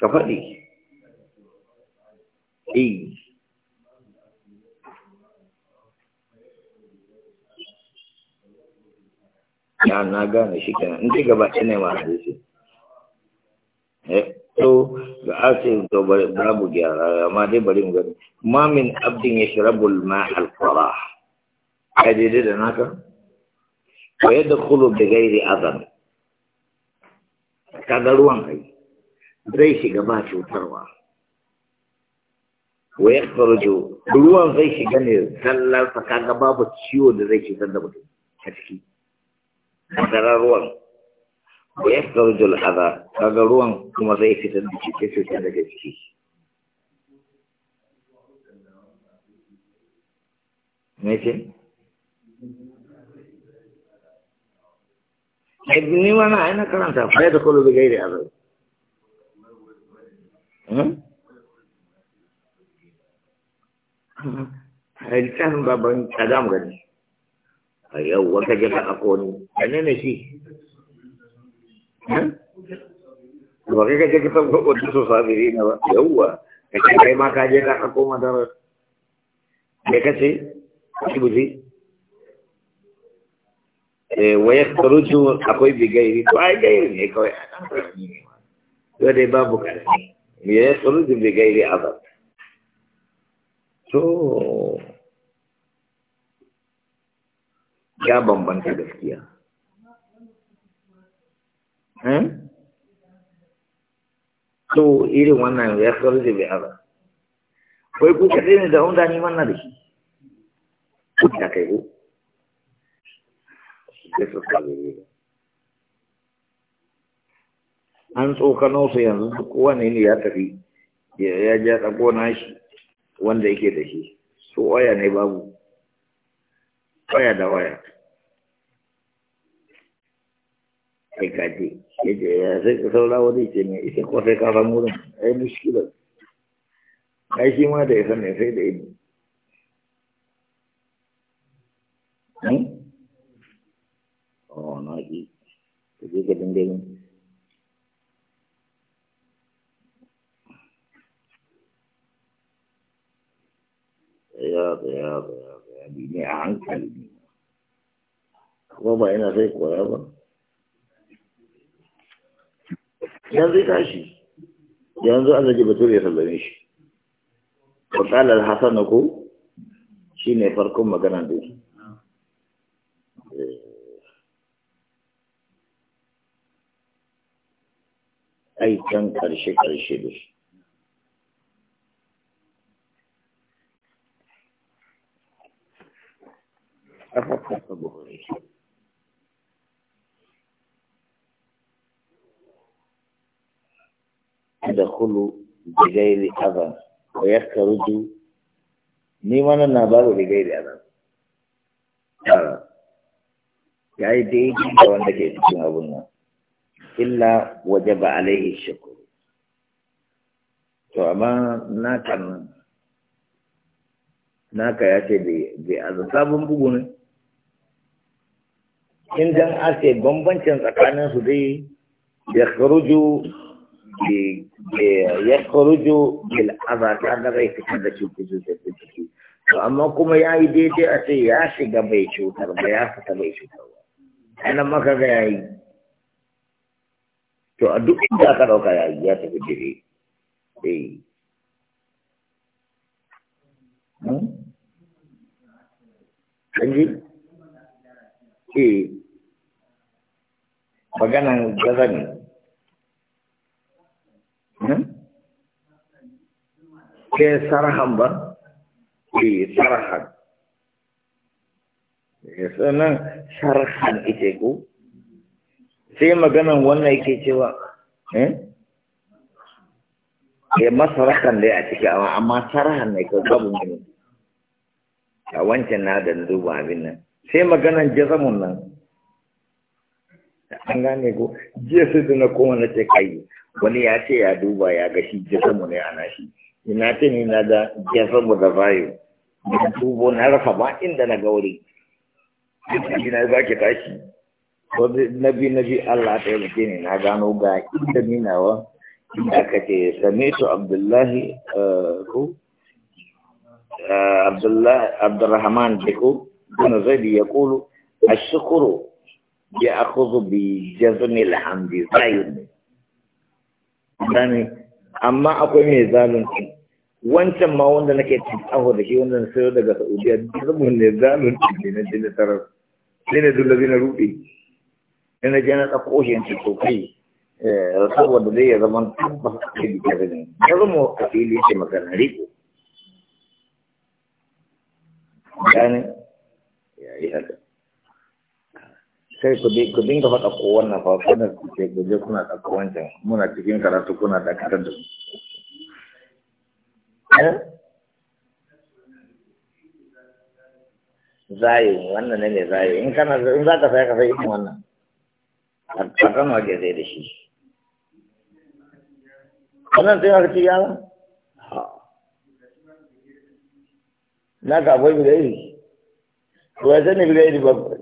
ka faɗi eh ya na gane shi kenan in ce gaba ɗaya ne ma hadisi eh, to ga ake to babu gyara amma dai bari mu gani ma min abdin yashrabul ma al-qara kai daidai da naka wa yadkhulu bi ghairi adhan kaga ruwan kai zai shiga ba cutarwa wa ya farjo ruwan zai shiga ne zallar kaga babu ciwo da zai cutar da mutum a ciki madarar ruwan wa ya farjo al'aza kaga ruwan kuma zai fitar da cikin cutar daga ciki mece ibni wana aina karanta fa da kullu bi gairi zai. halittar babban tsagam gani a yau wata jaka a kone ɗane ne shi ba kai ka jaka sabon wadda so sabiri na ba yauwa ka ce kai ma ka je ka a koma da me ka ce shi buzi eh, waya karuju akwai bigairi ko ai gairi ne kawai a ɗan ƙarfi ne dai babu ƙarfi ya tsuru da gairi azab so ya bambanta gaskiya to eh? irin wannan ya tsuru da bai azab kai ku kaɗai da wanda ni da shi ya kai ku an tsokano su yanzu duk wani ne ya tafi ya ja tsako na shi wanda yake da shi su waya ne babu waya da waya kai kaji yace ya sai ka saura wani ce ne ita ko sai ka samu wurin ai mushkilar ai shi ma da ya san ne sai da ya kuma ba yana sai kora ba yanzu ya tashi yanzu alhaji bature ya sallame shi wakalar hassan ko shi ne farkon magana da eh. aikan karshe-karshe da shi يدخل Ni أذى na نيمان النبار بغير أذى ya yi daidai da wanda ke cikin abun nan illa waje ba alaihi shakuru to amma naka nan naka ya ce bai aza sabon bugu ne in dan ake bambancin tsakanin su dai ya kharuju ya kwarujo bil'aza ta da zai fitar da cutar da ciki to amma kuma ya yi daidai a ce ya siga bai cutar ba ya fita bai cutar ba ainihin maka ga yi to a aka maganan gaza ke sarhan ba di eh, sarahan eh, sannan sarahan ita ko sai maganan wannan yake cewa ya eh? masarakan dai a ciki amma sarahan ne ko babu ne a wancan na da duba abin nan sai maganan jazamun nan an gane ko jiya sai na koma na ce kai wani ya ce ya duba ya ga shi jazamu ne ana shi ina tuni na da gefen mu da bayo da tubo na rafa ba inda na gauri na zaki tashi ko nabi nabi Allah ta yi ne na gano ga inda ninawa inda aka ce samitu abdullahi ko abdullahi da ko bin zaidi ya kulu ashkuru ya akhudhu bi jazmi alhamdi zayin amma akwai mai zalunci wancan ma wanda nake tsaho da shi wanda na sayo daga Saudiya zubun ne zanun ne na jini tarar ne da dullabi na na je na tsako yanci to kai eh, saboda zai ya zama tabbas a kai da kyarni ya zama a fili ce magana riko gane ya yi haka sai ku dinga faɗa ko wannan fa kuna kuna wancan muna cikin karatu kuna dakatar da su Eh? zayi wannan ne zayi in kana in za ka sai ka sai irin wannan a kan waje zai da shi wannan sai ka ci yawa na ka akwai bilayi to ya sani da babu?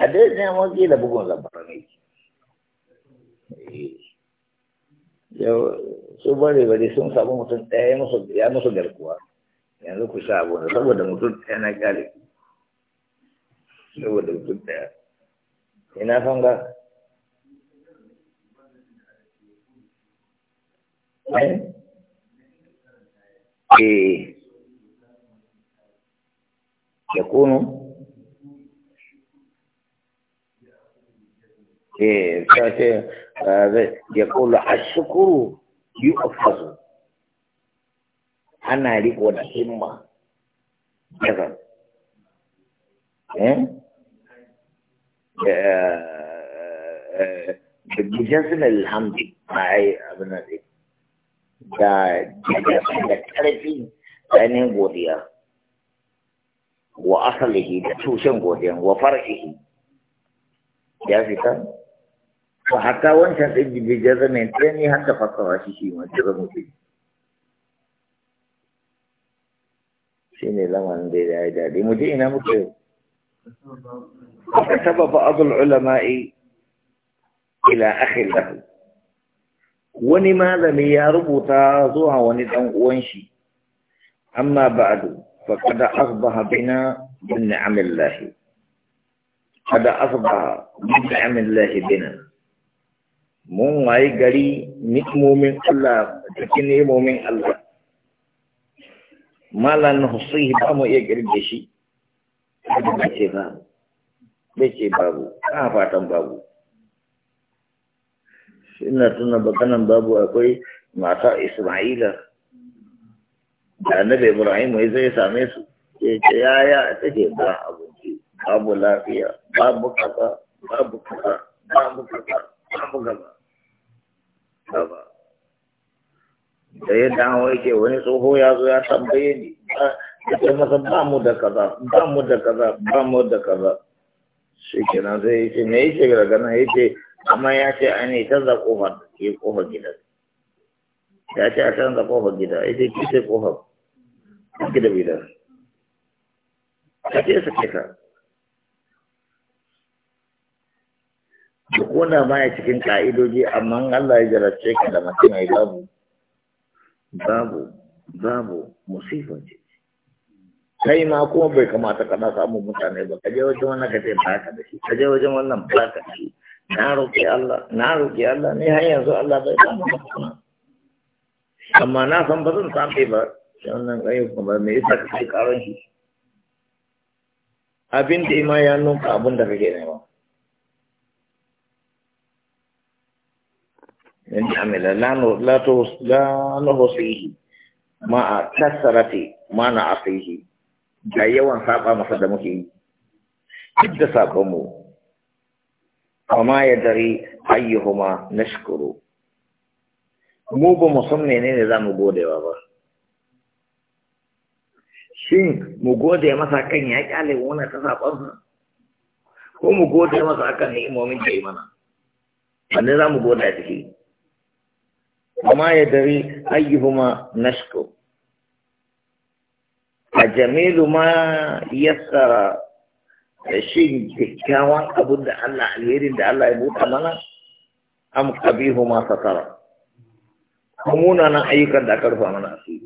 a dai ne mu ke da bugun labarai eh. yau su bare bare sun samu mutum ɗaya ya musu garkuwa yanzu ku sha abu saboda mutum ɗaya na kyale saboda mutum ɗaya ina son ga eh, eh. yakunu eh sai ah, ya kula shukuru? yi ofazu ana riko da himma daga eh? da eh da bijasin alhamdi ai abin da da da karfi tsanin godiya wa asalihi da tushen godiya wa far'ihi ya fi kan وحتى وانت بجزم ثاني حتى فطر شيء ما جزم فيه شيء لما ندير هذا دي مجينا مكتوب فسبب بعض العلماء إلى أخ له wani malami ya rubuta zuwa wani dan uwan shi amma ba'du faqad asbaha bina min ni'amillahi qad asbaha min ni'amillahi bina mun waye gari ni'imomin Allah cikin ni'imomin Allah malan husihi ba mu iya gari da shi ba ce ba bai ce babu a fatan babu ina tuna bakanan babu akwai mata Isma'ila da annabi Ibrahim ya zai same su ya ce yaya take ba abinci babu lafiya babu kaza babu kaza babu kaza babu gaba ba da ya dawo yake wani tsoho ya zo ya tambaye ni ya ce masa ba mu da kaza ba mu da kaza ba mu da kaza shi kenan sai zai ce me yake daga nan ya ce amma ya ce a ne canza kofa ke kofar gidan ya ce a canza kofa gida ya ce ki ce kofar gidan gidan ka ce su ke ka ko da ya cikin ka'idoji amma Allah ya jarabce ka da mutum ai babu babu babu musifa ce kai ma kuma bai kamata ka dasa mu mutane ba kaje wajen wannan ka ce ba ka da shi kaje wajen wannan ba ka da shi na roki Allah na roki Allah ne har yanzu Allah bai samu ba amma na san ba zan samu ba wannan kai kuma me yasa kai karon shi abin da ima ya nuka abin da kake nema من عمل لا لا لا نحصيه ma كثرة ما نعصيه da yawan saba masa da muke yi duk mu amma ya dare ayyuhuma na shukuru mu ba mu san menene za mu wa ba shin mu gode masa kan ya kyale wani ta sakonsa ko mu gode masa akan ni'imomin da yi mana wanda za mu gode a ciki وما يدري أيهما نشكو الجميل ما يسر shin kyakkyawan abin da Allah alherin da Allah ya buɗa mana am qabihu ma satara munanan ayyukan da aka rufa mana asiri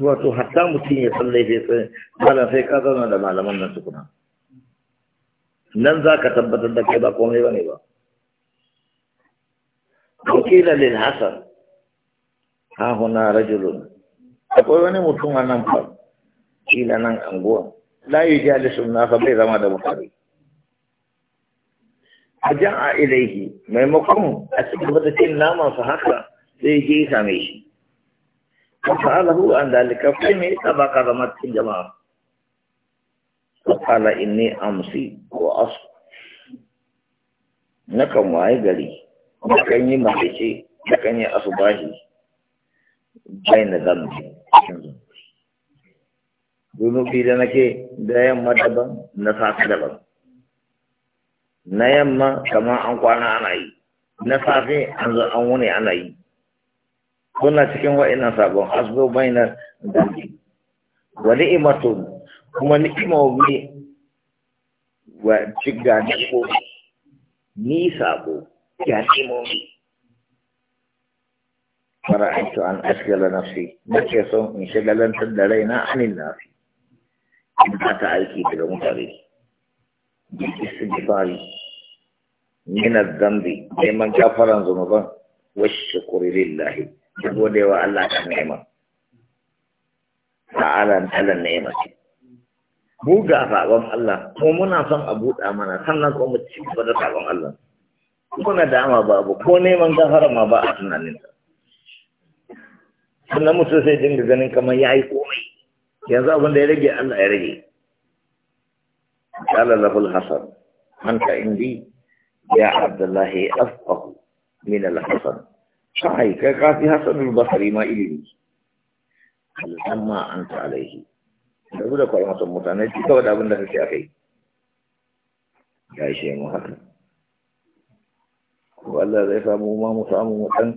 wato hatta mutum ya san laifin sai malam sai ka zauna da malaman nan tukuna nan za ka tabbatar da kai ba komai ba ne ba وقيل للحسن ها هنا رجل akwai wani mutum a nan fa kila nan anguwa la yi jalisu nasa bai zama da mutane a a ilaihi maimakon a cikin wata cin naman sa haka sai je ya shi ka fa'alahu an dalika kai me yasa ba ka zama cikin jama'a fa qala inni amsi wa asu nakan waye gari da kan yi mafice da kan yi asubahi bai na zambi cikin zunubi fi da nake da yamma daban na safe daban na yamma kama an kwana ana yi na safe an zo an wuni ana yi kuna cikin wa'ina sabon asbo bayan na Wani wa ni'imatu kuma ni'ima wa wa cigga ko ni sabo jasimomi fara'aitu an ashgala nafsi nake son in shagalantar da raina anin nafi in ba ta aiki daga mutane bi istighfari min adh Zambi neman kafaran zunuban wa shukri lillahi da yawa Allah kan neman ta'ala talan ni'mati mu ga sabon Allah ko muna son a buɗa mana sannan kuma mu ci gaba da sabon Allah na dama babu ko neman gafara ma ba a ka sannan mutum sai dinga ganin kamar ya yi komai yanzu abin da ya rage Allah ya rage قال له الحسن أنت عندي يا عبد الله أفقه من الحسن صحيح كافي حسن البصري ما إلي قال أما أنت عليه يقول لك والله متنجي كود أبن ده Ya يا شيخ محمد Allah zai samu ma mu samu mu